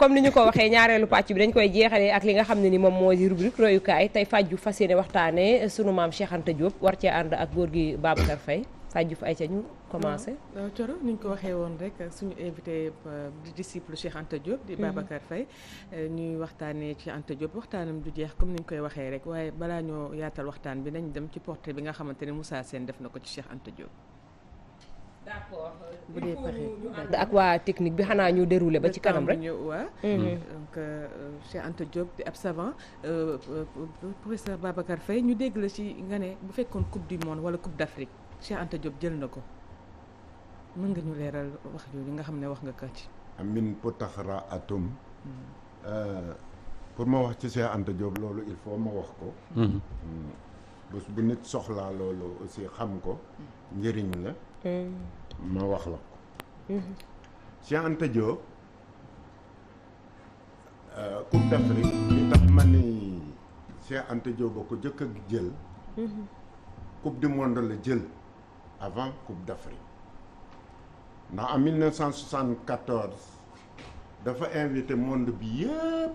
comme ni ñu ko waxee ñaareelu pàcc bi dañ koy jeexalee ak li nga xam ne ni moom mooy rubrique royukaay tey fàjju fas ne waxtaanee sunu maam Cheikh Anta war cee ànd ak góor gi Babacar Faye fàjju fa ay ca ñu commencé. Coro ah, ni ko waxee woon rek suñu invité euh, di disciple Cheikh Anta Diop. di mm-hmm. Babacar Faye euh, ñuy waxtaanee ci Anta Diop waxtaanam du jeex comme ni ñu koy waxee rek waaye balaa ñoo yaatal waxtaan bi nañ dem ci portrait bi nga xamante ne Moussa Sène def na ko ci Cheikh Anta Diop. d'accord bu dee pexe ak waa technique bi xanaa ñu dérouler ba ci kanam rek mm-hmm. euh, donc Cheikh euh, Anta Diop di ab savant euh, professeur Babacar fay ñu dégg la ci nga ne bu fekkoon coupe du monde wala coupe d'Afrique Cheikh Anta Diop jël na ko mën nga ñu leeral wax jooju nga xam ne wax nga ko ci amin potaxara atum mm-hmm. pour ma wax ci Cheikh Anta loolu il faut ma wax ko mm-hmm. mm, bés bu nit soxlaa loolu aussi xam ko njëriñ la ma wax la ko. Mm-hmm. Cheikh Anta euh, Coupe d'Afrique li tax ma ni Cheikh Anta ba ko jëkk a jël. Mm-hmm. Coupe du monde la jël avant Coupe d'Afrique ndax en 1974 dafa invité monde bi yëpp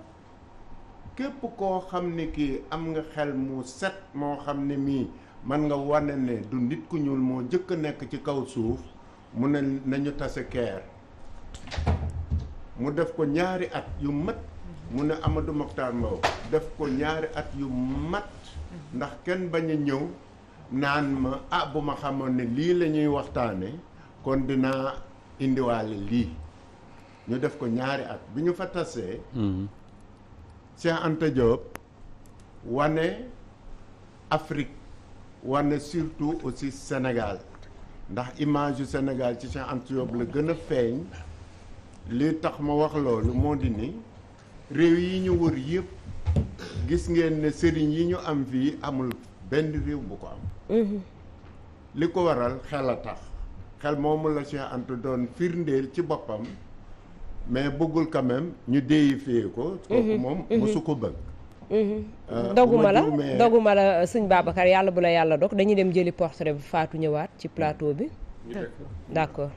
képp koo xam ne kii am nga xel mu set moo xam ne mii. man nga wane ne du nit ku ñuul moo njëkk nekk ci kaw suuf mu ne nañu tase keer mu def ko ñaari at yu mat mu ne Amadou Mokhtar Mbow def ko ñaari at yu mat ndax kenn bañ a ñëw naan ma ah xamoon ne lii lañuy ñuy waxtaane kon dinaa indiwaale lii ñu def ko ñaari at bi ñu fa tasee mhm. Cheikh Anta wane Afrique wane surtout aussi Sénégal ndax image yu Sénégal ci seen Anta Diop la gën a feeñ li tax ma wax loolu moo di ni réew yi ñu wër yëpp gis ngeen ne sëriñ yi ñu am fii amul benn réew bu ko am mhm. li ko waral xel a tax xel moomu a Cheikh Anta doon firndeel ci boppam mais bëggul quand ñu déyi fee ko mhm. moom mhm. mosu ko bëgg Euh, doguma la doguma euh, la sëñ Babacar yàlla bu la yàlla dog dañuy dem jëli portrait bu faatu ñëwaat ci plateau bi d'accord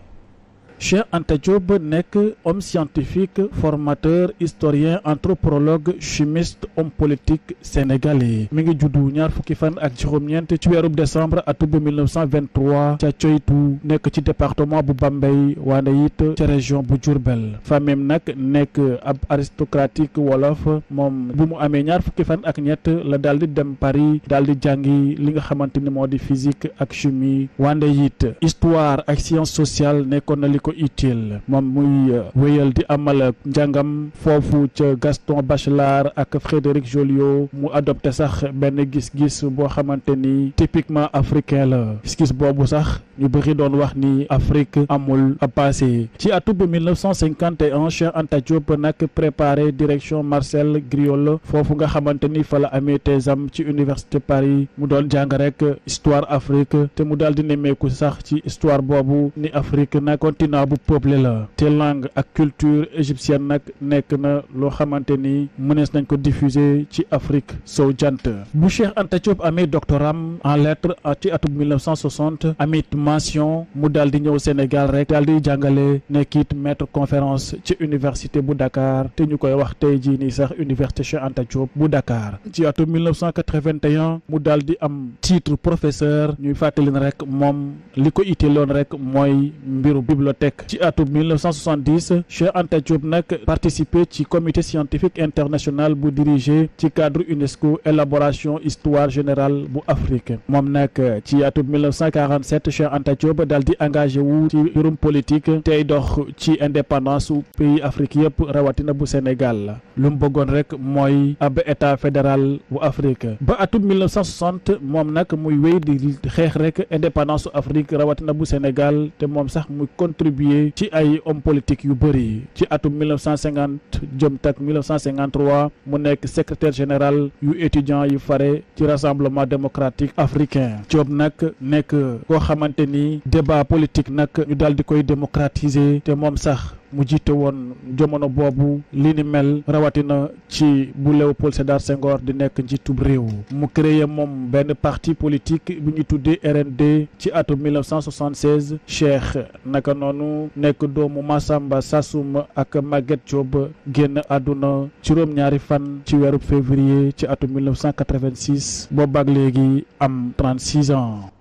Cheikh Anta Diop nekk homme scientifique formateur historien anthropologue chimiste homme politique yi mi ngi juddu ñaar fukki fan ak juróom-ñeent ci weerub décembre atub 1923 ca Coytu nekk ci département bu Bambey waane it ca région bu jurbel Diourbel famem nag nekk ab aristocratique wolof moom bu mu amee ñaar fukki fan ak ñett la daal di dem Paris daal di jàngi li nga xamante ni moo di physique ak chimie waande it histoire ak science sociale nekkoon na li ko utile moom muy euh, wéyal di amal njàngam foofu ca Gaston Bachelard ak Frédéric Joliot mu adopté sax benn gis-gis boo xamante ni typiquement africain la gis boobu sax ñu bëri doon wax ni Afrique amul passé ci atub 1951 Cheikh Anta Diop nag préparé direction Marcel Griol foofu nga xamante ni fa la amee teesam ci université Paris mu doon jàng rek histoire Afrique te mu daal di nemmeeku sax ci histoire boobu ni Afrique na continent continent bu peuplé la te langue ak culture égyptienne nag nekk na loo xamante ni mënees nañ ko diffuser ci Afrique sow jant bu Cheikh Anta Diop amee doctoram en lettres ci atum am amit mention mu daal di ñëw Sénégal rek daal di jàngale nekkit maître conférence ci université bu Dakar te ñu koy wax tey jii nii sax université Cheikh Anta bu Dakar ci atum 1981 mu daal di am titre professeur ñuy fàttali rek moom li ko itteeloon rek mooy mbiru bibliothèque. teg ci atum 1970 Cheikh Anta Diop nag participer ci comité scientifique international bu dirigé ci cadre UNESCO élaboration histoire générale bu Afrique moom nag ci atum 1947 Cheikh Anta Diop daal di engagé ci mbirum politique tey dox ci indépendance su pays Afrique yëpp rawatina bu Sénégal lu mu bëggoon rek mooy ab état fédéral bu Afrique ba atum 1960 moom nag muy wéy di xeex rek indépendance su Afrique rawatina bu Sénégal te moom sax muy contribué ci ay homme politique yu bëri ci atum 1950 jëm tak 1953 mu nekk secretaire général yu étudiants yu fare ci rassemblement démocratique africain Diop nag nekk koo xamante ni débat politique nag ñu daal di koy démocratiser te moom sax mu jiite woon jamono boobu li ni mel rawatina ci bu Léopold Sédar Senghor di nekk njiitub réew mu créé moom benn parti politique bi ñu tuddee RND ci atum 1976 Cheikh naka noonu nekk doomu Massamba Sassoum ak Maguette Diop génn àdduna juróom-ñaari fan ci weeru février ci atum 1986 boobaak léegi am 36 ans.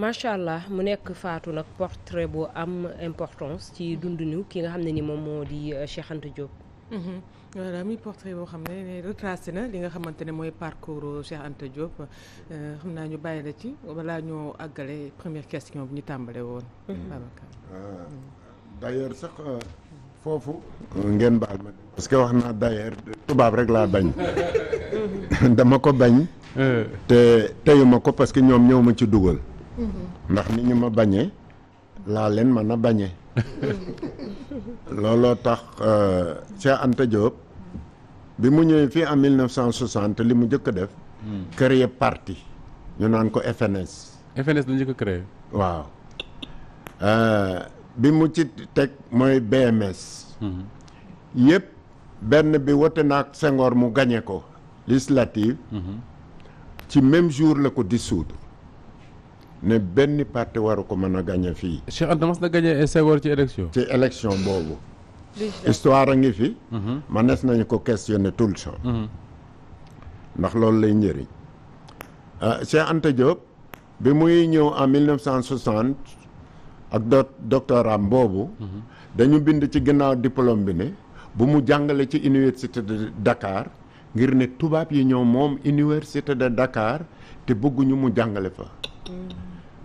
macha allah mu nekk faatu nag portrait bu am importance ci dundinu kii nga xam ne ni moom moo di euh, Cheikh Anta Diop. Mhm. voilà muy portrait boo xam ne retracé na li nga xamante ne mooy parcours Cheikh Anta Diop euh, xam naa ñu bàyyi la ci balaa ñoo àggale première question bu ñu tàmbalee woon. Mhm. Babacar euh, d'ailleurs sax foofu. ngeen baal ma parce que wax naa d'ailleurs tubaab rek laa bañ. dama ko bañ. te teyuma ko parce que ñoom ñëw ma ci dugal. ndax ni ñu ma bañee laa leen mën a bañee looloo tax euh, Cheikh Anta Diop bi mu ñëwee fii en 1960 li mu njëkk a def. Hmm. créer parti ñu naan ko FNS. FNS la njëkk a créer. waaw euh, bi mu ci teg mooy BMS. Hmm. yëpp benn bi wote naag Senghor mu gañe ko législative. Hmm. ci même jour la ko dissoudre. ne benn parti waru ko mën a gañe fii. Cheikh Anta mas na gañe Senghor ci élection. ci élection boobu. histoire a ngi fi. Mhm. manes nañu ko questionner tout mhm. ndax loolu lay njëriñ. Ah, Cheikh Anta Diop bi muy ñëw en 1960 ak do doctoram boobu. Mhm. dañu bind ci ginnaaw diplôme bi ne bu mu jàngale ci université de Dakar ngir ne tubaab yi ñëw moom université de dakaar te bëgguñu mu jàngale fa.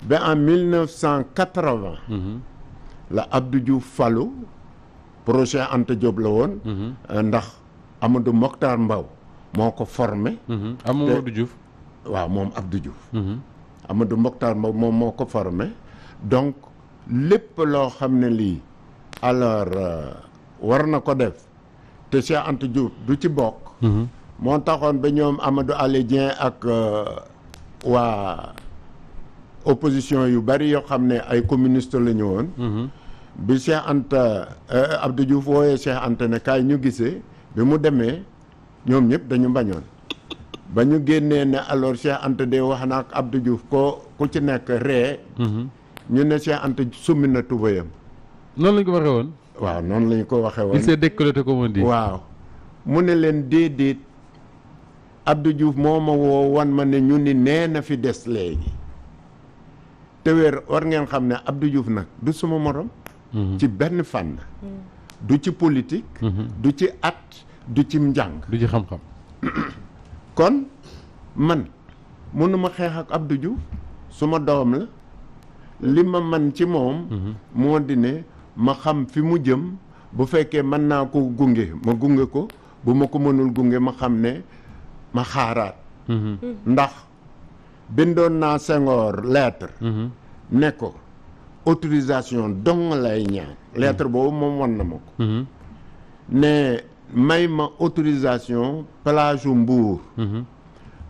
ba en 1980. Mhm. la du Diouf falu projet Anta Diop la woon. Mhm. Euh, ndax Amadou Mokhtar Mbow moo ko formé. Mhm. Amadou Diouf waaw moom Abdou moom moo ko formé donc lépp loo xam ne lii alors euh, war na ko def te Cheikh Anta Diouf du ci bokk. moo taxoon ba ñoom Amadou Aly Dieng ak euh, waa. opposition yu bari yoo xam ne ay communiste lañu woon. Mhm. bi Cheikh Anta eh, Abdou Diouf wooyee Cheikh ne kaay ñu gisee bi mu demee ñoom ñëpp dañu bañoon ba ñu génnee ne alors Cheikh Anta de wax na ak Abdou Diouf ko ku ci nekk ree. Mhm. ñu ne Cheikh Anta summi na tubéyam. noonu la ko waxee woon. waaw noonu lañu ko waxee woon. il s'est décolleté comme on dit. waaw mu ne leen déedéet Abdou Diouf moo ma woo wan ma ne ñu ni nee na fi des léegi. te war ngeen xam ne Abdou Diouf nag du suma morom. Mhm. ci benn fànn. Mhm. du ci politique. Mhm. du ci at du ci njàng. du ci xam-xam. kon man mënuma xeex ak Abdou Diouf suma doom la li ma man ci moom. moo di ne ma xam fi mu jëm bu fekkee mën naa ko gunge ma gunge ko bu ma ko mënul gunge ma xam ne ma xaaraat. ndax. bindoon naa Senghor lettre. Mhm. ne ko autorisation dong lay ñaan. lettre mhm. boobu moom wan na ma ko. Mhm. ne may ma autorisation plage Mbour.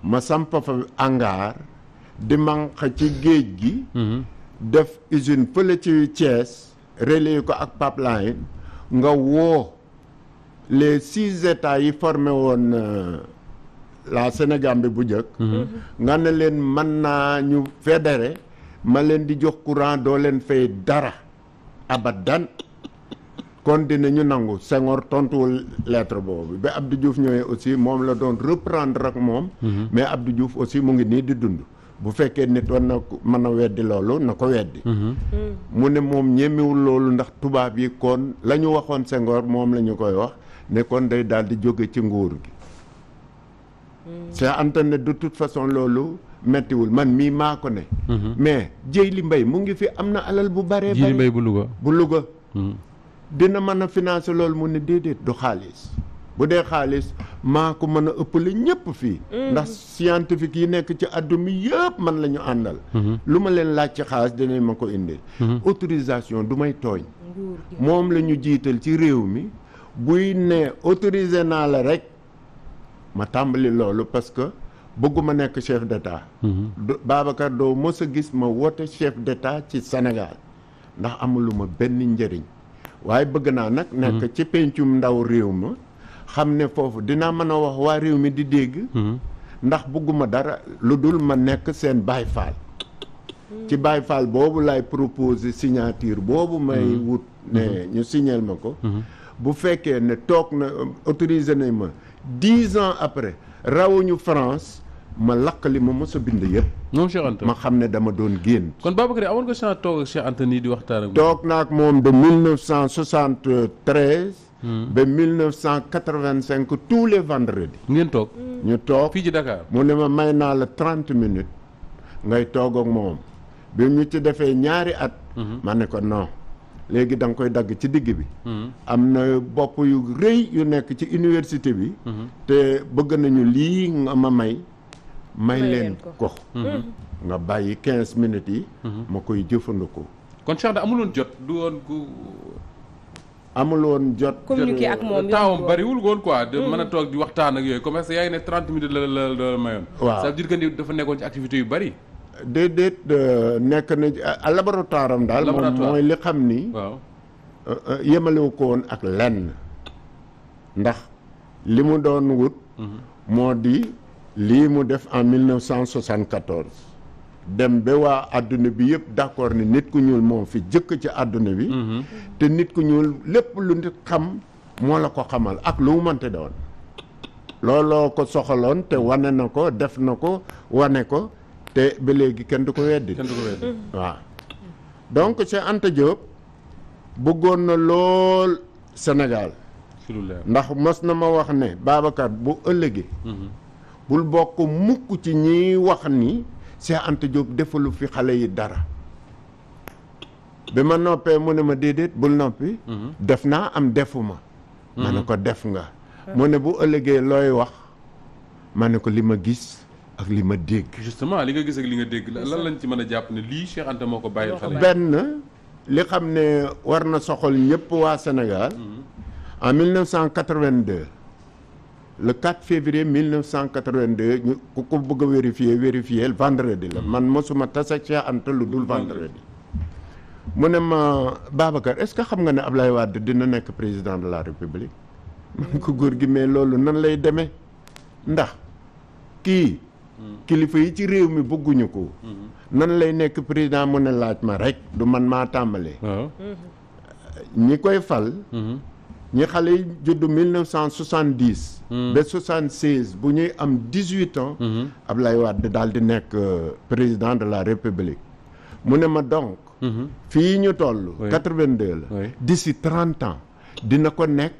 ma samp fa hangar di manq ci géej gi. def usine fële ci Thiès relayer ko ak pipeline nga woo les six états yi formé woon. Euh, la Sénégambie bu njëkk. Mhm. nga ne leen mën naa ñu fédéré ma leen di jox courant doo leen fay dara abadan kon dinañu nangu sengoor tontuwul lettre boobu ba Abdou juuf ñëwee aussi moom la doon reprendre ak moom. Mhm. mais Abdou juuf aussi mu ngi nii di dund. bu fekkee nit war na mën a weddi loolu na ko weddi. Mhm. Mm. mu ne moom ñemewul loolu ndax tubaab yi kon la ñu waxoon Senghor moom la ñu koy wax ne kon day daal di jóge ci nguur gi. Cheikh mm. Anta ne de façon loolu mettiwul man mii maa ko ne. Mm-hmm. mais li Mbaye mu ngi fi am na alal bu baree. Dieyli Mbaye bu Louga bu Louga. Mm. dina mën a financer loolu mu ne déedéet du xaalis bu dee xaalis maa ko mën a ëppale ñëpp fii. Mm. ndax scientifique yi nekk ci àdduna yëpp man lañu àndal. Mm-hmm. lu ma leen laaj ci xaalis dinañ ma ko indi. Mm-hmm. autorisation du may tooñ. moom la jiital ci réew mi buy ne autorisé naa la rek. ma tàmbali loolu parce que bëgguma nekk chef d'état mhm. Babacar doo mës a gis ma woote chef d'état ci Sénégal ndax amuluma benn njëriñ waaye bëgg naa nag mhm. nekk ci pencum ndaw réew ma xam ne foofu dinaa mën a wax waa réew mi di dégg mhm. ndax bëgguma dara lu dul ma nekk seen baay Fall mm. ci Baye Fall boobu lay proposer signature boobu may mm. wut ne mm-hmm. ñu signal ma ko mm-hmm. bu fekkee ne toog na autorisé nañ ma dix ans après rawuñu France ma lakk li ma mos a bind yëpp. moom Cheikh Anta ma xam ne dama doon génn. kon Babacar amoon nga chance toog ak Cheikh Anta nii di waxtaan ak. toog naa ak moom de 1973. Hmm. ba 1985 tous les vendredis. ngeen toog. ñu toog fii ci dakaar mu ne ma may naa la 30 minutes ngay toog ak moom bi mu ci defee ñaari at. Hmm. ma ne ko non. léegi da nga koy dagg ci digg bi hmm. am na bopp yu rëy yu nekk ci uniwersité bi hmm. te bëgg nañu lii nga ma may may leen ko hmm. nga bàyyi quinze minutes yi ma koy jëfandikoo kon Cheikh da amuloon jot du woon ku amul jot communiqué ak moom taawam bariwul woon quoi de mën a toog di waxtaan ak yooyu comme yaa ngi ne trente minutes la la la mayoon waaw ça veut dire dafa nekkoon ci activité yu bari déedéet euh, nekk na à daal moom mooy li xam ni euh, euh, yemalewu ko woon ak lenn ndax li mu doon wut mhm. moo di lii mu def en 1974 dem ba waa àdduna bi yëpp d'accord ni nit ku ñuul moom fi jëkk ci àdduna bi mhm. te nit ku ñuul lépp lu nit xam moo la ko xamal ak lu mu mënte doon looloo ko soxaloon te wane na ko def na ko wane ko te ba léegi kenn du ko weddi kenn du ko weddi waaw donc bëggoon na lool Sénégal ndax mos na ma wax ne baabakat bu ëllëgee mhm. bul bokk mukk ci ñiy wax ni Cheikh Anta defalu fi xale yi dara bi ma noppee mu ne ma déedéet bul noppi mhm. def naa am defuma ma ne mhm. ko def nga mu ne bu ëllëgee looy wax ma ne ko li ma gis ak li ma dégg. justement li nga gis li nga dégg lan lañ ci mën a jàpp ne lii Cheikh Anta moo ko bàyyi xale benn li xam ne war na soxal ñëpp waa Sénégal. Mhm. en 1982. le 4 février 1982 ñu ku ko bëgg a vérifier vérifier la mhm. man mosuma tase Cheikh ant lu dul vendredi. mu ne ma Babacar est-ce que xam nga ne Ablaye Wade dina nekk président de la République. man ko góor gi mais loolu nan lay demee ndax kii. kilifa yi ci réew mi bëgguñu ko. nan lay nekk président mu ne laaj ma rek du man maa tàmbale. ñi koy fal. ñi xale yi juddu mille neuf cent soixante dix. ba soixante bu ñuy am dix huit ans. Ablaye Wade daal di nekk euh, président de la république mu ne ma donc. fii ñu toll. quatre vingt deux la. d'ici trente ans dina ko nekk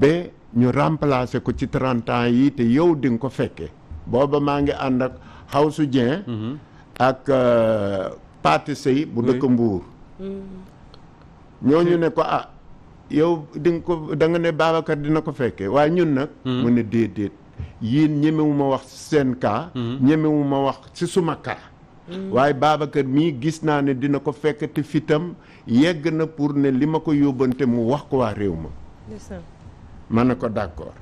ba ñu remplacer ko ci trente yi te yow di nga ko fekkee. booba maa ngi ànd ak Xawsu Dieng mhm. ak euh, Paate Sey bu dëkk Mbuur mm. ñooñu ne ko ah yow dinga ko danga ne Babacar dina ko fekkee waaye ñun nag mm. mu ne déedéet yéen ñemewu ma wax seen cas mm. ñemewu wax ci suma cas waaye Babacar mii gis naa ne dina ko fekk te fitam yegg na pour ne li ma ko yóbbante mu wax ko waa réew ma ma ne ko d'accord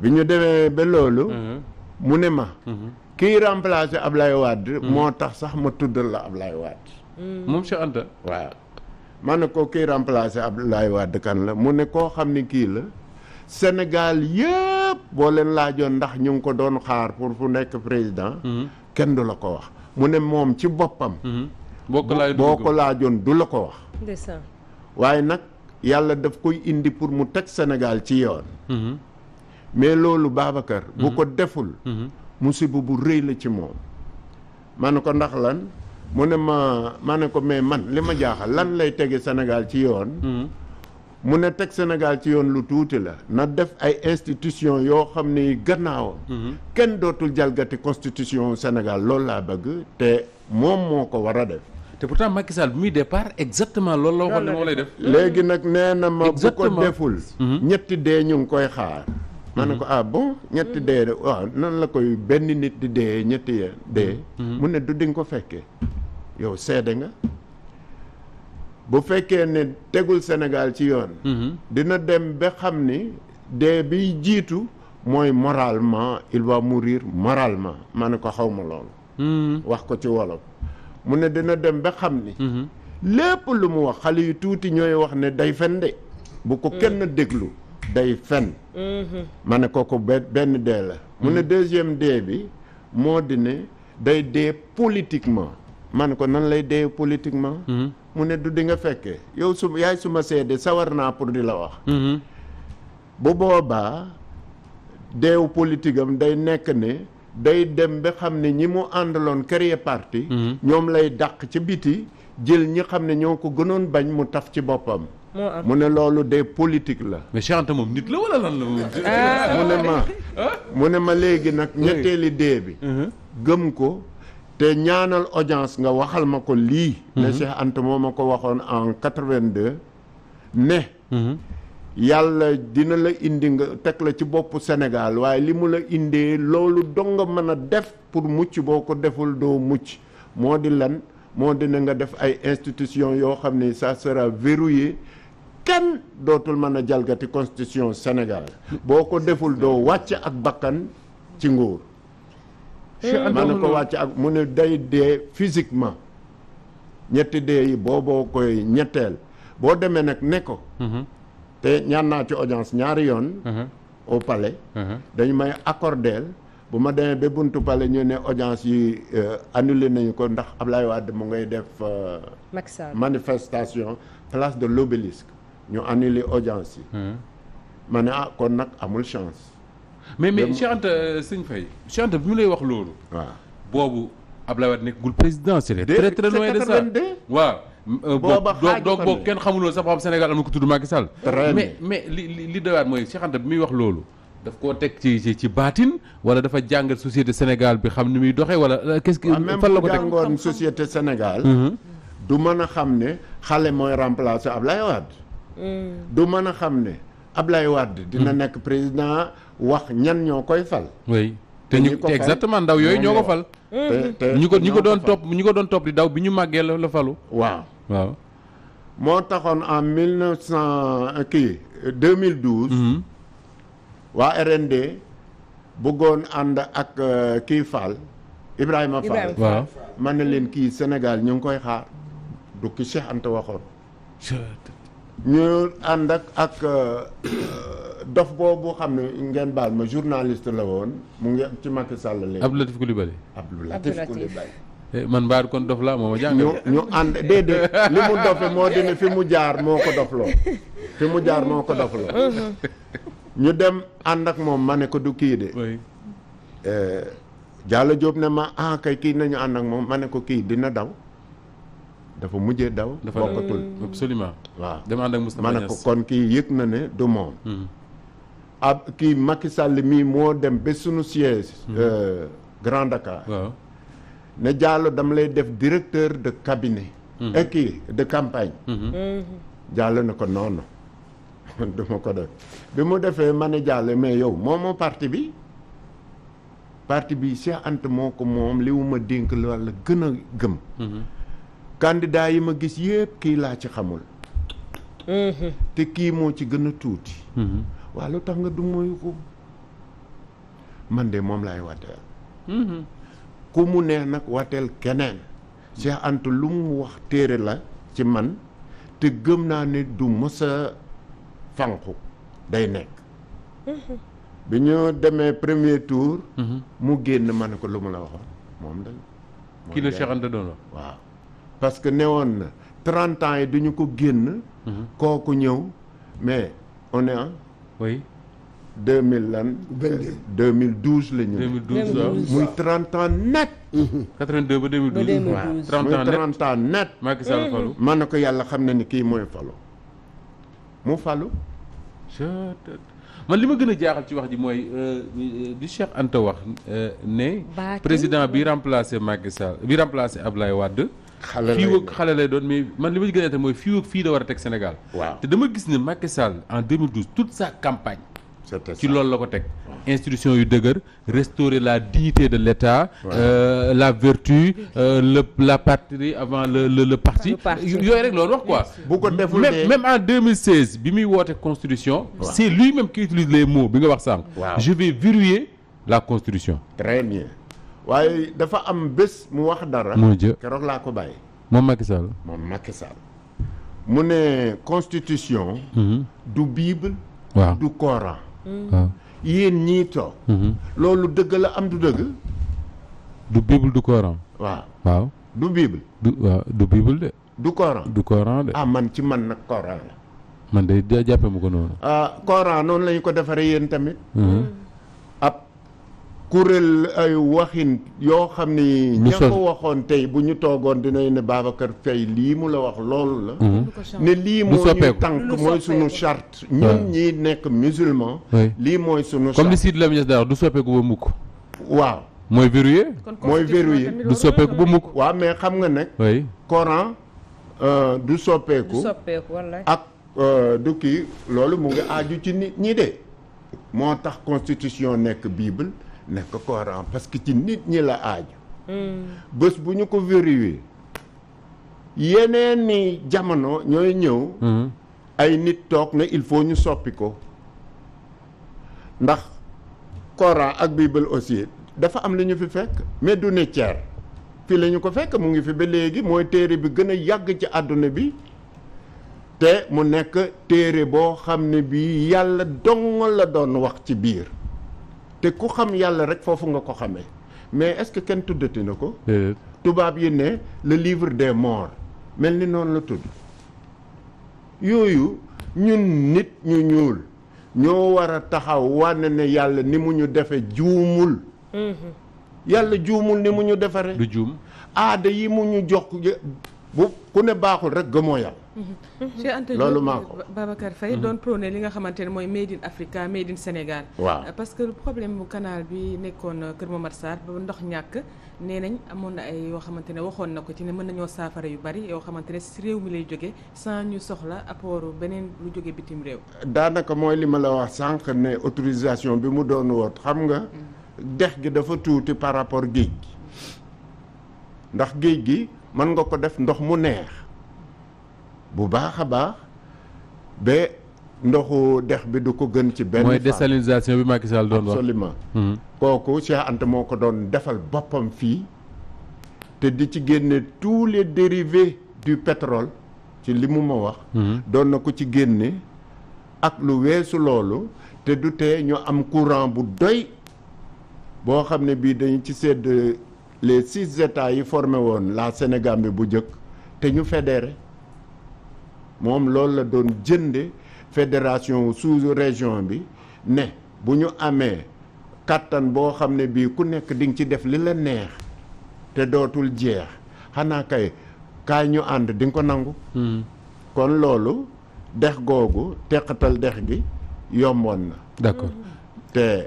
bi ñu demee ba loolu mm-hmm. mu ne ma. kiy remplacer Ablaye Wade. Mm-hmm. moo tax sax ma tuddal la Ablaye Wade. Mm-hmm. moom Cheikh Anta. waaw ma ne ko kiy remplacer Ablaye Wade kan la mu ne koo xam ne kii la Sénégal yëpp boo leen laajoon ndax ñu ngi ko doon xaar pour fu nekk président. Mm-hmm. kenn du la ko wax mu ne moom ci boppam. boo ko laajoon du la ko wax. waaye nag yàlla daf koy indi pour mu teg Sénégal ci yoon. mais loolu kër bu mhm. ko deful. Mhm. musiba bu rëy la ci moom. ma ne ko ndax lan mu ne ma ma ne ko mais man li ma jaaxal lan lay tege Sénégal ci yoon. Mhm. mu ne teg senegal ci yoon lu tuuti la na def ay institution yoo xam ne gannaawam. kenn dootul jalgati constitution Sénégal loolu laa bëgg te moom moo ko war a def. te pourtant Macky Sall bi muy départ moo lay def. léegi nag nee na ma bu ko deful. ñetti dee ñu ngi koy xaar. ma ne ko ah bon ñetti dee de waaw nan la koy benn nit di dee ñetti dee. Mm-hmm. mu ne du di ko fekkee yow seede nga bu fekkee ne tegul Sénégal ci yoon mm-hmm. dina dem ba xam ni dee biy jiitu mooy moralement ilba mu riir moralement ma ne ko xaw ma loolu mm-hmm. wax ko ci wolof mu ne dina dem ba xam ni lépp lu mu wax xale yu tuuti ñooy wax ne day fende bu ko mm. kenn déglu day fen mm-hmm. ma ne ko benn dee la mu ne mm-hmm. deuxième dee bi moo di ne day dee politiquement ma ne ko nan lay dee politiquement mm-hmm. mu ne du di nga fekkee yow su yaay suma seede sawar naa pour di la wax bu boobaa deewu politique am day nekk ne day dem ba xam ne ñi mu àndaloon créer parti ñoom lay dàq ci biti jël ñi xam ne ñoo ko gënoon bañ mu taf ci boppam. mu ne loolu de politique la. mais moom nit la wala euh, mu ne ma mu ne ma léegi nag. ñetteeli dee bi. Uh-huh. gëm ko te ñaanal audience nga waxal ma ko lii. ne uh-huh. Cheikh Anta moo ma ko waxoon en quatre-vingt-deux ne. Uh-huh. yàlla dina la indi nga teg la ci boppu Sénégal waaye li mu la indee loolu dong nga mën a def pour mucc boo ko deful doo mucc moo di lan. moo dina nga def ay institution yoo xam ne ça sera yi kenn dootul mën a jalgati constitution Sénégal boo ko deful doo wàcc ak bakkan ci nguur eh, ma ne ko wàcc ak mu ne day dee physiquement ñetti dee yi booboo koy ñetteel boo demee nag ne ko mhm. te ñaan naa ci audience ñaari yoon mhm. au palais mhm. dañu may accordeel bu ma demee ba buntu pale ñoo ne audience yi euh, annulé nañu ko ndax Ablaye Wade mu ngay def euh, manifestation place de l'obélisque ñu annulé audience yi hmm. ma ne ah kon nag amul chance mais mais Cheikh Anta euh, Sëñ Faye Cheikh Anta bi mu lay wax loolu waaw boobu Ablaye Wade nekkul président c'est très très loin de ça waaw booba xaaj donc boobu kenn xamuloo sax ba xam Sénégal am na ko tudd Macky Sall mais mais li li doy waat mooy Cheikh bi muy wax loolu daf koo teg ci ci ci baatin wala dafa jàngal société Sénégal bi xam ni muy doxee wala. Euh, qu'est-ce que fan la ko teg société Sénégal. Mm-hmm. du mën a xam ne xale mooy remplacer Ablaye Wade. Mm. du mën a xam ne ab lay Wade. dina mm-hmm. nekk président wax ñan ñoo koy fal. oui te ñu te exactement ndaw yooyu ñoo ko fal. Mm-hmm. ñu ko ñu ko doon topp ñu ko doon topp di daw bi ñu màggee la falu. waaw waaw. moo taxoon en mille neuf cent euh, kii deux mille waa RND bëggoon ànd ak euh, kii Fall Ibrahima Fall waaw man ne leen kii Sénégal ñu ngi koy xaar du ki Cheikh waxoon ñu ànd ak ak euh, dof boobu xam ne ngeen baal ma journaliste la woon mu ngi ci Macky Sall léegi Abdou Latif Coulibaly Abdou Latif Coulibaly eh, man mbaar kon dof laa moo ma jàngal ñu ñu ànd déedéet li mu dofe moo di fi mu jaar moo ko dofloo fi mu jaar moo ko dofloo uh-huh. ñu dem ànd ak moom ma ne ko du kii de. Eh, Diallo Diop ne ma ah kay kii nañu ànd ak moom ma ne ko kii dina daw dafa mujjee daw. dafa bokkatul mm. absolument waaw dem ànd ak ma ne ko kon kii yëg na ne du moom. Mm. ab kii Macky sàll mii moo dem ba sunu siège. Mm. Euh, Grand Dakar. ne Diallo dama lay def directeur de cabinet. et eh, kii de campagne. Mm-hmm. Mm-hmm. Diallo ne ko noonu. man ma ko def bi mu defee ma ne mais yow moo parti bi parti bi Cheikh ant moo ko moom liwuma dénk loolu la gën a gëm mhm. candidat yi ma gis yëpp kii laa ci xamul mhm. te kii moo ci gën a tuuti mhm. waa lu tax nga du moyu ko man de moom laay wateel ku mu neex nag wateel keneen Cheikh ant lu mu wax téere la ci man te gëm naa ne du mësa fànqu day nekk bi ñu demee premier tour mu génn ma ne ko lu mu la waxoon moom da kii la Cheikh Anta doon waaw parce que newoon na trente ans yi du ñu ko génn kooku ñëw mais on est en oui deux mille la ñu muy trente ans net quatre-vingt-deux ba deux mille douze trente ans net Macky falu man na ko yàlla xam na ni kii mooy falu moo fàllu man li ma gën a jaaxal ci wax ji mooy di euh, euh, Cheikh Anta wax euh, ne président bi remplacé Macky Sall bi remplacé Ablaye Wade fii ak xale lay doon mais man li ma gën a jaaxal mooy fii ak fii da war a teg Sénégal te dama gis ne Macky Sall en 2012 toute sa campagne ci loolu la ko teg institution yu dëgër restaurer la dignité de l'État euh, la vertu euh, le la patrie avant le le, le parti yooyu rek loolu wax ko deful même même en 2016 bi muy woote constitution ouais. c'est lui-même qui utilise les mots bi nga wax sànq je vais verrouiller la constitution très waaye dafa am bés mu wax dara moo jë keroog laa ko bàyyi moom Macky moom Macky Sall constitution mhm. du bible waaw waaw ah. yéen ñii toog. Mhm. loolu dëgg la am du dëgg. du bible du coran. waaw waaw du bible. du waaw du bible de. du coran du coran de. ah man ci man nag coran la. man de jàppe ma ko noonu. ah coran noonu la ko defaree yéen tamit. Mhm. kuréel ay waxin yoo xam ni. ña ko waxoon tey bu ñu toogoon dinañ ne Babacar Faye lii mu la wax loolu la. Mhm. ne lii moo ñu tànk mooy sunu charte. ñun ñi nekk musulman. lii mooy sunu charte comme li Sidi Lamine Niass du soppeeku ba mukk. waaw mooy verrouillé. mooy verrouillé du soppeeku ba mukk. waaw mais xam nga nag. oui Coran euh, du soppeeku. ak euh, du kii loolu mu ngi aaju ci nit ñi de moo tax constitution nekk bible. nekk cohérent parce que ci nit ñi la aaju hmm. bés bu ñu ko vérifier yeneen ni jamono ñooy ñëw hmm. ay nit toog na il faut ñu soppi ko ndax Coran ak Bible aussi dafa am lu ñu fi fekk mais du ne ceer fii la ko fekk mu ngi fi ba léegi mooy téere bi gën a yàgg ci àdduna bi te mu nekk téere boo xam ne bii yàlla dong la doon wax ci biir te ku xam yàlla rek foofu nga ko xamee mais est-ce que kenn tuddati na ko tubaab yi ne le livre des morts mel ni noonu la tudd yooyu ñun nit ñu ñuul ñoo war a taxaw wane ne yàlla ni mu ñu defe juumul mhm. yàlla juumul ni mu ñu defaree du juum aada yi mu ñu jox bu ku ne baaxul rek gëmoo yàlla. Mhm. loolu maa ko Babacar Faye mhm. doon prôné li nga xamante ne mooy made in Africa made in Sénégal. waaw euh, parce que problème bu canal bi nekkoon euh, Kër Momar Sarr ba ndox ñàkk ne nañ amoon na ay yoo xamante ne waxoon na ko ci ne mën nañoo saafara yu bari yoo xamante ne si réew mi lay jóge sans ñu soxla apport beneen lu jóge bitim réew. daanaka mooy li ma la wax sànq ne autorisation bi mu doon woot xam nga. Mhm. dex gi dafa tuuti par rapport géej gi mën nga ko def ndox mu neex bu baax a baax ba ndoxu dex bi du ko gën ci benn mooy bi Macky doon wax absolument hmm. kooku Cheikh ant moo ko doon defal boppam fii te di ci génne tous les dérivés du pétrole ci li mu ma wax hmm. doon na ko ci génne ak lu weesu loolu te du tee ñu am courant bu doy boo xam ne bii dañu ci sedd les six états yi formé woon la Sénégambie bu njëkk te ñu fédéré moom loolu la doon jënde fédération sous région bi ne bu ñu amee kàttan boo xam ne bii ku nekk di ci def li la neex te dootul jeex xanaa kay kaay ñu ànd di ko nangu hmm. kon loolu dex googu teqatal dex gi yomboon na d'accord te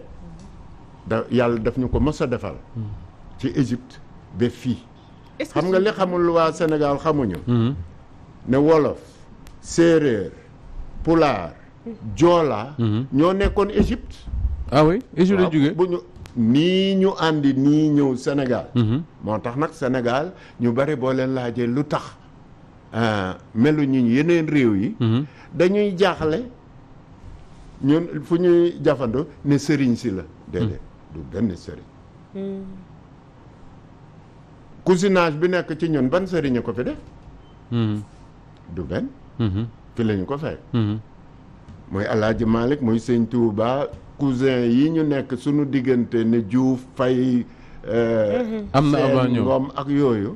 yàlla daf ñu ko mës a defal hmm. ci Égypte ba fii xam nga li xamul waa senegaal xamuñu mm-hmm. ne wolof séeréer pulaar joola mm-hmm. ñoo nekkoon Égypte ah oui Égypte la bu ñu nii ñu àndi nii ñëw Sénégal mm-hmm. moo tax nag senegaal ñu bari boo leen laajee lu tax euh, melu ñu yeneen réew yi dañuy jaaxle ñun fu ñuy jafandu ne sëriñ si la déedéet du benn sëriñ mm. cousinage bi nekk ci ñun ban sëriñ a ko fi def. Hmm. du benn. Hmm. fi lañu ko fekk. Hmm. mooy El Hadj Malick mooy sëñ cousin yi ñu nekk sunu diggante ne Diouf fay euh, am na avant ñoom Ngom ak yooyu.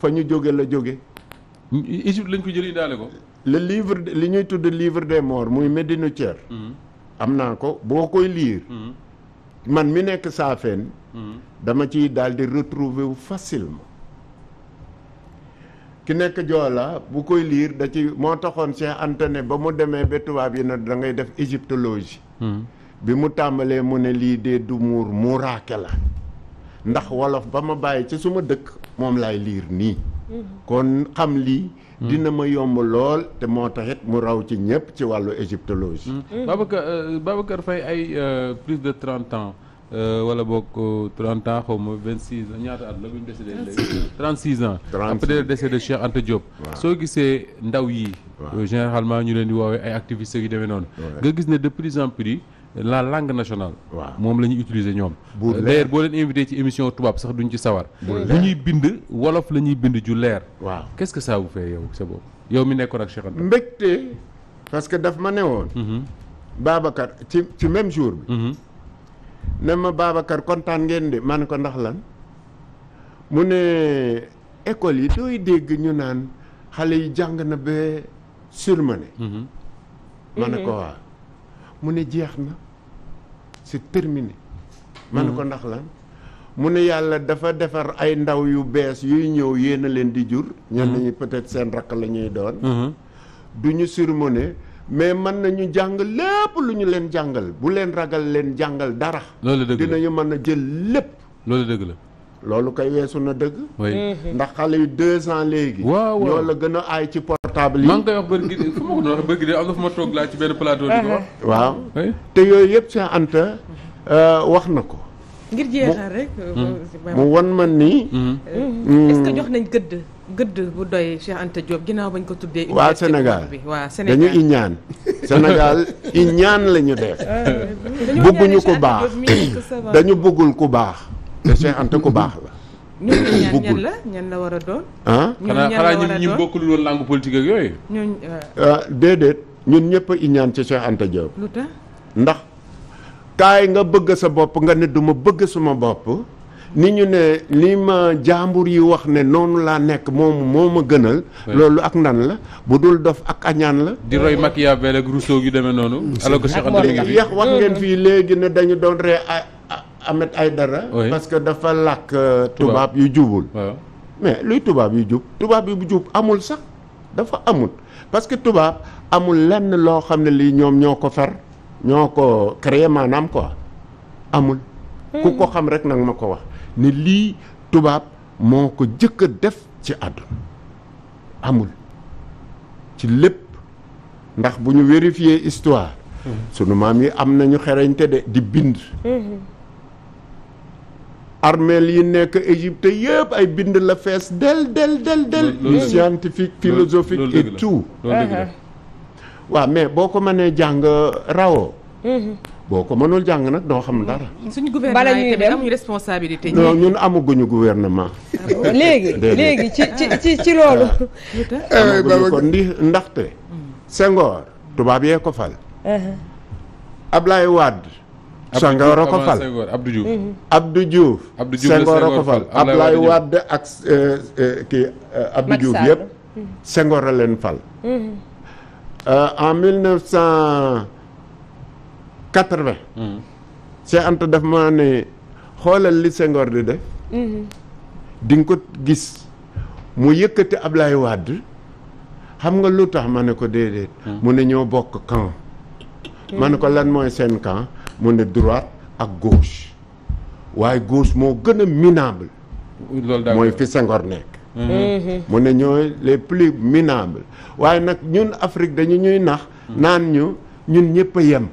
fa ñu jóge la jóge. Égypte lañ ko jëlee daale ko. le livre li ñuy tudd livre de morts muy Médina Thier. am naa ko boo koy lire. man mi nekk saafeen dama ciy daal di retrouver wu facilement ki nekk joola bu koy liir da ci moo taxoon Cheikh Anta ba mu demee ba tubaab yi nag da ngay def égyptologie hmm. bi mu tàmbalee mu ne lii dee du muur muuraake la ndax wolof ba ma bàyyi ci suma dëkk moom laay liir nii Mm-hmm. kon xam lii mm. dina ma yomb lool te moo taxit mu raw ci ñëpp ci wàllu égyptologie mm. mm-hmm. Babacar euh, Babacar fay ay euh, plus de trente ans euh, wala boog 30 ans xaw ma 26 ñaata at la bu ñu décédé léegi 36 ans. 36 ans après le décès de Cheikh soo gisee ndaw yi. généralement ñu leen di woowee ay activistes yu demee noonu. nga gis ne de plus en plus. la langue nationale. waaw moom la ñuy utiliser ñoom. bu leer d'ailleurs boo leen invité ci émission tubaab sax duñu ci sawar. bu ñuy bind wolof la ñuy bind ju leer. waaw qu'est-ce que ça vous yow sa bopp yow mi nekkoon ak Cheikh Anta. mbégte parce que daf ma ne woon. Mm-hmm. Babacar ci ci même jour bi. Mm-hmm. ne ma Babacar kontaan ngeen de ne ko ndax lan mu ne école yi dooy dégg ñu naan xale yi jàng na ba surmené. Mm-hmm. ma ne ko waaw mu ne jeex na. c'est terminé. ma ne ko hmm. ndax lan mu ne yàlla dafa defar ay ndaw yu bees yuy ñëw yéen a leen di jur. ñenn hmm. ñi peut-être seen rakk la ñuy doon. Hmm. du ñu surmené mais mën nañu jàng lépp lu ñu leen jàngal bu leen ragal leen jàngal dara. loolu dëgg la mën a jël lépp. loolu dëgg la. koy weesu na dëgg. ndax xale yu deux ans léegi. waaw la gën a aay ci portable yi. maa ngi koy fu ma ko doon waxee bëri gi am na ma toog laa ci benn plateau. di ko eh, eh. waaw. te yooyu yëpp Cheikh Anta euh, wax na ko. ngir jeexal rek. Euh, hmm. euh, mu wan man ni. Hmm. Hmm. est-ce jox nañ gëdd. gëdd bu doy Cheikh Anta Diop ginnaaw bañ ko tuddee. waa Sénégal waa Sénégal dañu iñaan Sénégal iñaan la ñu def. Ah, bëgguñu ku baax dañu bëggul ku baax. te Cheikh Anta ku baax la. ñooñu ñan la ñan la war a doon. ah xanaa xanaa ñun ñi bokkul woon langue politique ak yooyu. ñooñu euh, ah déedéet ñun ñëpp a ñaan ci ante Anta Diop. lu tax ndax kaay nga bëgg sa bopp nga ne du ma bëgg suma bopp. ni ñu ne li ma jàmbur yi wax ne noonu laa nekk moom moo ma gënal. loolu ak nan la bu dul dof ak añaan la. di roy Machiavel ak Rousseau gi demee noonu. alors que Cheikh Anta wax ngeen fii léegi ne dañu doon ree Ahmed Aïdara parce que dafa làkk euh, tubaab yu jubul mais luy tubaab yu jub tubaab yu jub amul sax dafa amul parce que tubaab amul lenn loo xam ne lii ñoom ñoo ko fer ñoo ko créer maanaam quoi amul hmm. ku ko xam rek nag ma ko wax ne lii tubaab moo ko jëkk def ci àdduna amul ci lépp ndax bu ñu vérifier histoire hmm. sunu maam yi am nañu xereñte di bind hmm. armeel yi nekk Égypte yëpp ay bind la fees del del del del scientifique philosophique et mais boo ko mënee jàng euh, rawoo mm-hmm. boo ko mënul jàng nag doo xam dara. Mm-hmm. suñu ñun amaguñu gouvernement. léegi léegi ci ci ci loolu. Ah. amaguñu ko ndi ndaxte. Mm. Senghor tubaab yee ko fal. Uh-huh. Ablaye Wade. Senghor a ko fal mhm. Abdou Diouf Abdou Diouf a ko fal Ablaye Wade ak eh, eh, kii eh, Abdou Diouf yëpp mhm. Senghor a leen fal mhm. euh, en 1980 Cheikh Anta daf ma ne xoolal li Senghor di def di ko gis mu yëkkati Ablaye Wade xam nga lu tax ma ne ko déedéet hmm. mu ne ñoo bokk camp ma ne ko lan mooy seen camp mu ne droite ak gauche waaye gauche moo gën a minable mooy fi Senghor nekk mhm. mu ne ñooy les plus minables waaye nag ñun Afrique dañu ñuy nax naan ñu ñun ñëpp a yem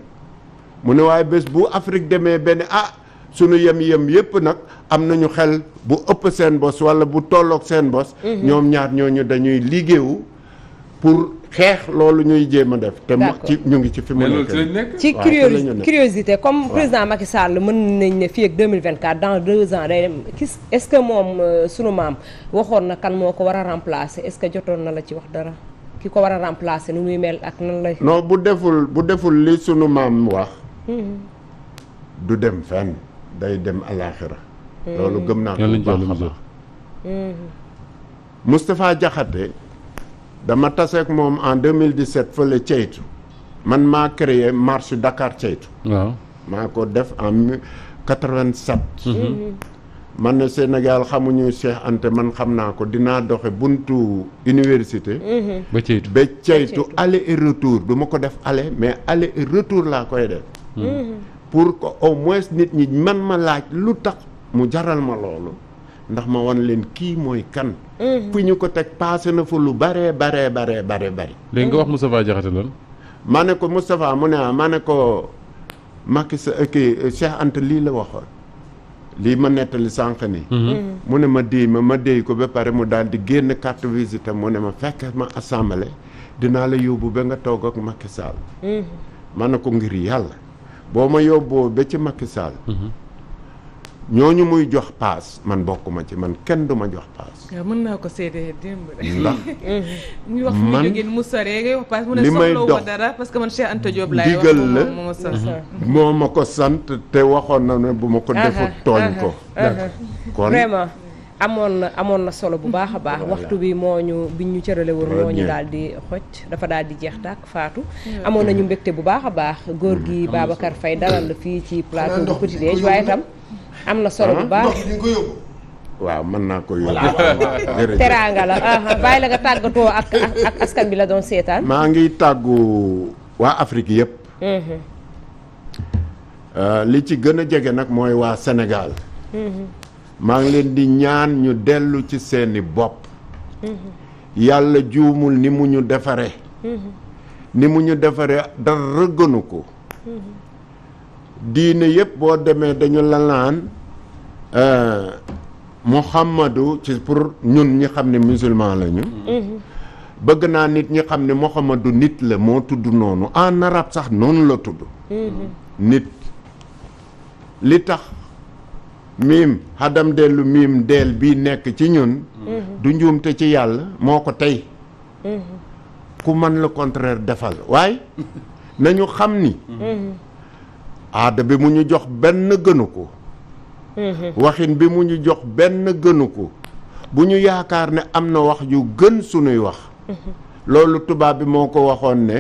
mu ne waaye bés bu Afrique demee benn ah sunu yem yem yëpp nag am nañu xel bu ëpp seen bos walla bu tollook seen bos mhm. ñoom ñaar ñooñu dañuy liggéeyu pour xeex loolu ñuy jéem a def. te ci ñu ngi ci fi mu nekk ci curiosité comme président Macky Sall mën nañ ne fii ak 2024 dans deux ans day dem est-ce que moom euh, sunu maam waxoon na kan moo ko war a remplacer est-ce que jotoon na la ci wax dara ki ko war a remplacer nu muy mel ak nan la non bu deful bu deful li sunu maam wax. Hmm. du dem fenn day dem alaaxira hmm. loolu gëm naa ko bu baax a dama taseek moom en 2017 fële ceytu man maa créé marche Dakar ceytu waaw maa ko def en 87 mhm. mhm. man na Sénégal xamuñu Cheikh Anta man xam naa ko dinaa doxe buntu université mhm. ba ceytu ba ceytu aller du ma ko def aller mais aller et laa koy def pour que au moins nit ñi man ma laaj lu tax mu jaral ma loolu ndax ma wan leen kii mooy kan Mm-hmm. fi ñu ko teg paase na fu lu baree baree baree baree bari. léegi nga wax Moustapha Diakhaté lan. maa ne ko Moustapha mu ne ah maa ne ko Macky sa euh, kii euh, Cheikh lii la waxoon lii ma nettali sànq nii. Mm-hmm. Mm-hmm. mu ne ma déy ma ma déy ko ba pare mu daal di génn carte visite mu ne ma fekk ma assemblée dinaa la yóbbu ba nga toog ak Macky Sall. ma ne ko ngir yàlla boo ma yóbboo ba ci Macky Sall. ñooñu muy jox paas man bokkuma ci man kenn du ma jox paas. waaw mën naa ko seede démb rek. ndax ñu wax fi mu soree ngay wax paas mu ne dara parce que man Cheikh Anta Diop laay wax digal la mhm. moo ma ko sant te waxoon na ne bu ma ko defu tooñ ko. kon vraiment amoon na amoon na solo bu baax a baax. waxtu bi moo ñu bi ñu cërale woon moo ñu daal di xoj dafa daal di jeex tàkk faatu. amoon na ñu mbégte bu baax a baax góor gi baabakar fay dalal la fii ci plateau bu Petit Déj waaye tam. am na solo bu baax waaw mën naa ko yóbbu. teraanga la bàyyi la nga tàggatoo ak ak askan bi la doon seetaan. maa ngi tàggu waa afrig yépp mhm. euh, li ci gën a jege nag mooy waa senegaal mhm. maa ngi leen di ñaan ñu dellu ci seeni bopp. Mhm. yàlla juumul ni mu ñu defaree. ni mu ñu defaree dara gënu ko. diine yëpp boo demee dañu la naan euh, Muhammadu ci pour ñun ñi xam ne musulman lañu. Mm-hmm. bëgg naa nit ñi xam ne Muhammadu nit la moo tudd noonu en arabe sax noonu la tudd. Mm-hmm. nit li tax miim xadam dellu miim deel bi nekk ci ñun. Mm-hmm. du njuumte ci yàlla moo ko tey. ku man le contraire defal waaye nañu xam ni. aada bi mu ñu jox benn gënu ko mm-hmm. waxin bi mu ñu jox benn gënu ko bu ñu yaakaar ne am na wax yu gën sunuy wax mm-hmm. loolu tubaab bi moo ko waxoon ne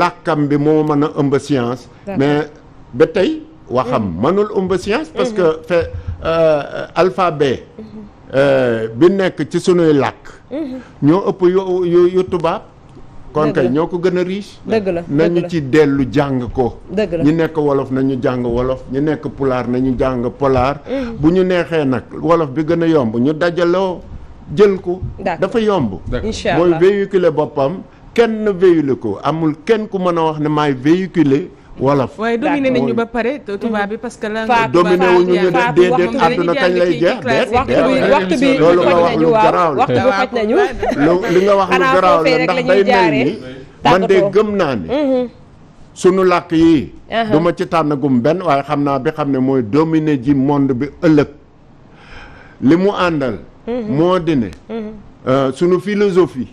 làkkam bi moo mën a ëmb science mais ba tey waxam mm-hmm. mënul ëmb science parce que fe euh, alphabet euh, bi nekk ci sunuy làkk ñoo ëpp yu yu tubaab kon ñoo ko gën a riche. dëgg nañu ci dellu jàng ko. dëgg ñu nekk wolof nañu jàng wolof ñu nekk pulaar nañu jàng polaar. Mm. bu ñu neexee nag wolof bi gën a yomb ñu dajaloo jël ko. dafa yomb. incha allah mooy véhiculer boppam kenn véhiculer ko amul kenn ku mën a wax ne maay véhiculer. wolof waaye dominé nañu ba pare tubaab parce que la dominé wu ñu déedéet àdduna kañ lay jeex déet waxtu bi loolu lu li nga wax lu garaaw la ndax day mel ni gëm naa ni mm-hmm. sunu làkk yi uh-huh. du ma ci tànnagum benn waaye xam naa bi xam ne mooy dominé ji monde bi ëllëg li mu àndal mm-hmm. moo di ne mm-hmm. euh, sunu philosophie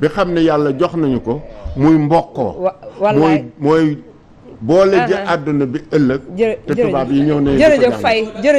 bi xam ne yàlla jox nañu ko muy mbokkoo mooy mooy boole ji ah, ah. àdduna bi ëllëg te tubaab yi ñëw nañu jërëjëf Faye